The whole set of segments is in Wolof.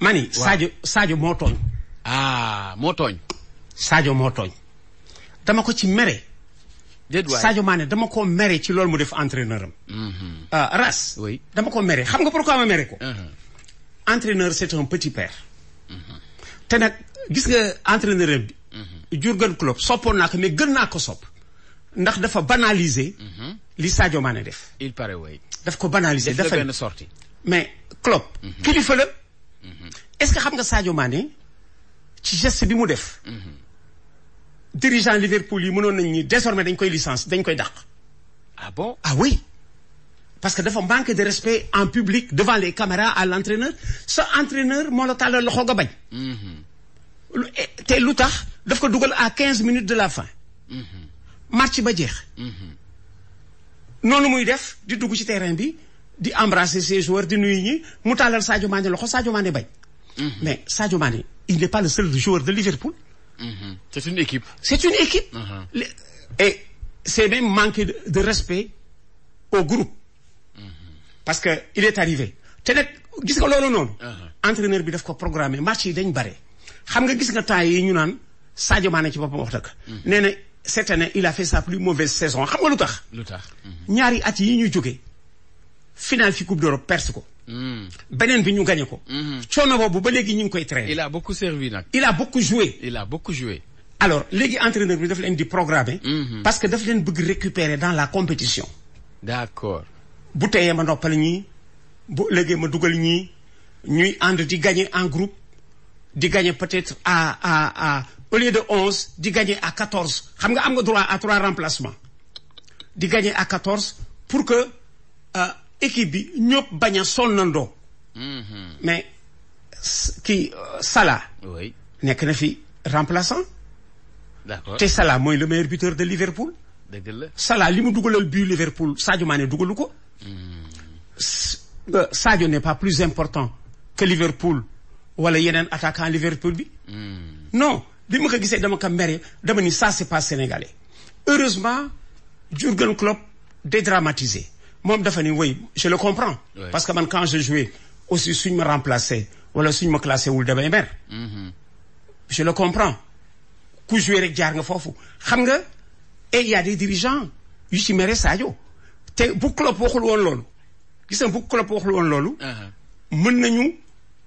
mani Sadio Sadio moo tooñ. ah moo tooñ. Sadio moo dama ko ci mere. déedéet waay Sadio Mané dama ko mere ci loolu mu def entraîneur am. Mhm. Ah, ras. dama ko mere xam nga pourquoi ko. Uh-huh. entraîneur c'est un petit père. Mhm. te nag gis nga entraîneur bi. Mhm. Jurgen Klopp soppoon naa ko mais gën naa ko sopp ndax dafa banaliser. li Sadio Mané def. il paraît oui. daf ko banaliser. def benn sortie mais Klopp kilifa est-ce que xam nga Sadio Mané ci geste bi mu def. dirigeant Liverpool yi mënoon nañ ni désormais dañ koy licence dañ koy dàq. ah bon ah oui. parce que dafa manque de respect en public devant les caméras à l'entraîneur sa entraîneur moo la tàllal loxoo nga bañ. Mhm. te lu tax daf ko dugal à quinze minutes de la fin. Mhm. match ba jeex. Mhm. noonu muy def di dugg ci terrain bi di embrasser ses joueurs di nuy ñi mu tàllal Sadio Mané loxo Sadio Mané bañ. Mhm. mais Sadio Mané il n'est pas le seul joueur de Liverpool. Mhm. c'est une équipe. c'est une équipe. Mhm. et c'est même manquer de respect au groupe. parce que il est arrivé te nag gis nga loolu noonu. entraîneur bi daf ko programmé match yi dañ bare. xam nga gis nga temps yi ñu naan Sadio Mané ci boppam wax dëgg. nee na cette année il a fait sa plus mauvaise saison xam nga lu tax. lu tax ñaari at yi ñu jógee final fi coupe d'Europe perse ko. beneen bi ñu gagné ko. Mhm. coono boobu ba léegi ñu ngi koy traité. il a beaucoup servi nag. il a beaucoup joué. il a beaucoup joué. alors léegi entraîneur bi daf leen di programmer. Mhm. parce que daf leen bëgg récupérer dans la compétition. d'accord. bu teyee ma noppal ñii bu ëllëgee ma dugal ñii ñuy ànd di gagner en groupe di gagner peut-être à à à au lieu de onze di gagner à quatorze xam nga am nga droit à trois remplacements di gagner à quatorze pour que euh, équipe bi ñëpp bañ a sonnandoo. Mm-hmm. mais kii Salah. oui nekk na fi remplaçant. d'accord te Salah mooy le meilleur buteur de Liverpool. dëgg la Salah li mu dugalal bii Liverpool Sadio Mané dugalu ko. Mm-hmm. Euh, Sadio n'est pas plus important que Liverpool wala yeneen attaquant Liverpool bi. Mm-hmm. non bi ma ko gisee dama ko mere dama ni ça c'est pas sénégalais. heureusement Jurgen Klopp dédramatisé moom dafa ni oui je le comprends. parce que man quand je jouais. aussi suñ ma remplacé wala suñ ma classé wul damay mer. Mhm. je le comprends ku joué rek jaar nga foofu xam nga et il y a des yu si mere Sadio te bu Klopp waxul woon loolu gis nga bu Klopp waxul woon loolu. Mhm. mën nañu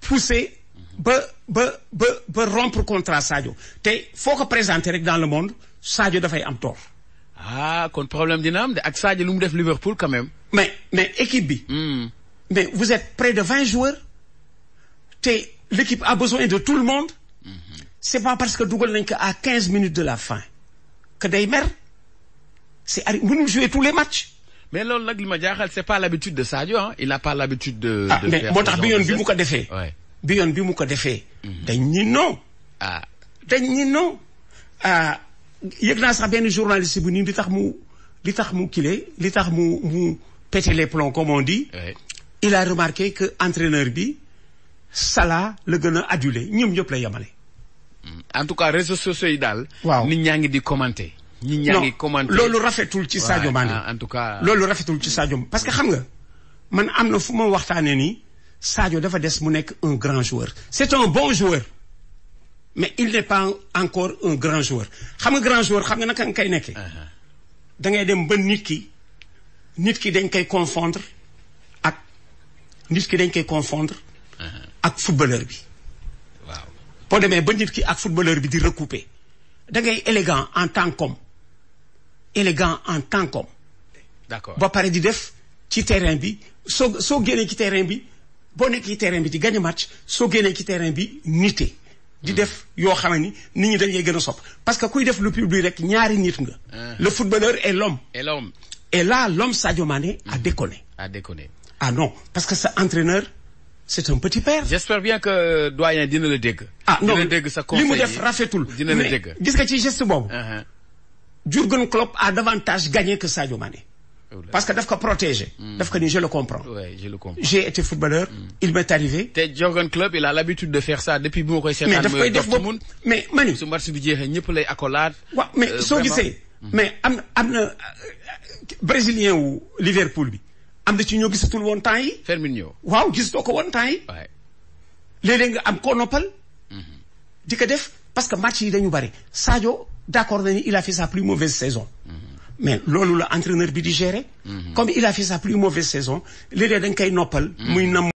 pousser mhm. ba ba ba ba rompre contrat Sadio te foo ko présenté rek dans le monde Sadio dafay am tort. ah kon problème dina am de ak Sadio lu mu def Liverpool quand même. mais mais équipe bi. mais vous êtes près de vingt joueurs te l'équipe a besoin de tout le monde mm -hmm. c'est pas parce que dugal nañ ko à quinze minutes de la fin que day mer c'est ari mënul jouer tous les matchs mais loolu nag li ma jaaxal c'est pas l'habitude de Sadio ah il a pas l'habitude de ah, de mais moo tax bi yoon bi mu ko defee bi yoon bi mu ko defee dañ ñi non ah dañ na non ah sax benn journaliste bu nii li tax mu li tax mu kile li tax mu mu péter les plombs comme on dit il a remarqué que entraîneur bi Salah la gën a adulé ñoom ñëpp la yemale. en tout cas réseaux sociaux yi daal. waaw nit ñaa ngi di commenter. nit ñaa ngi commenter loolu rafetul ci Sadio Mané. en tout cas loolu rafetul ci Sadio parce que xam nga man am na fu ma waxtaanee nii Sadio dafa des mu nekk un grand joueur. c'est un bon joueur mais il n'est pas encore un grand joueur xam nga grand joueur xam nga naka nga koy nekke uh-huh. da ngay dem ba nit ki nit ki dañ koy confondre. nit ki dañ koy confondre uh-huh. ak footballeur bi. waaw boo demee ba nit ki ak footballeur bi di recouper da ngay élégant en tant qu'homme élégant en tant qu'homme. d'accord ba pare di def ci terrain bi soo soo génnee ci terrain bi boo nekk ci bi di gagné soo génnee ci terrain bi nité. di hmm. def yoo xam ni nit ñi dañ lay gën a sopp parce que kuy def lu public rek ñaari nit nga. Uh-huh. le footballeur et l'homme. et l'homme. et là l'homme Sadio Mané a hmm. déconné. a ah non parce que sa entraîneur c'est un petit père. j'espère bien que doyen dina la dégg. ah non dégg sa conseil li mu def rafetul. dina la dégg gis nga ci geste boobu. Uh-huh. Jurgen Klopp a davantage gagné que Sadio Mané. Oh parce que def ko protégé. Hmm. daf ko ni je le comprends. oui je le comprends. j'ai été footballeur. Hmm. il m'est arrivé. te Jurgen Klopp a depuis bu ma koy. seetaan mais euh, def mais mani su mars bi jeexee ñëpp lay accolade. waaw mais euh, soo gisee. Hmm. mais am am na euh, brésilien wu Liverpool bi. am na ci ñoo gisatul woon temps yi. Firmino waaw gisatoo ko woon temps yi. waay nga am koo noppal. Mm-hmm. di ko def parce que match yi dañu bari Sadio d'accord nañu il a fait sa plus mauvaise saison. Mm-hmm. mais loolu la entraîneur bi di gérer. Mm-hmm. comme il a fait sa plus mauvaise saison léeg-léeg dañ koy noppal. muy nam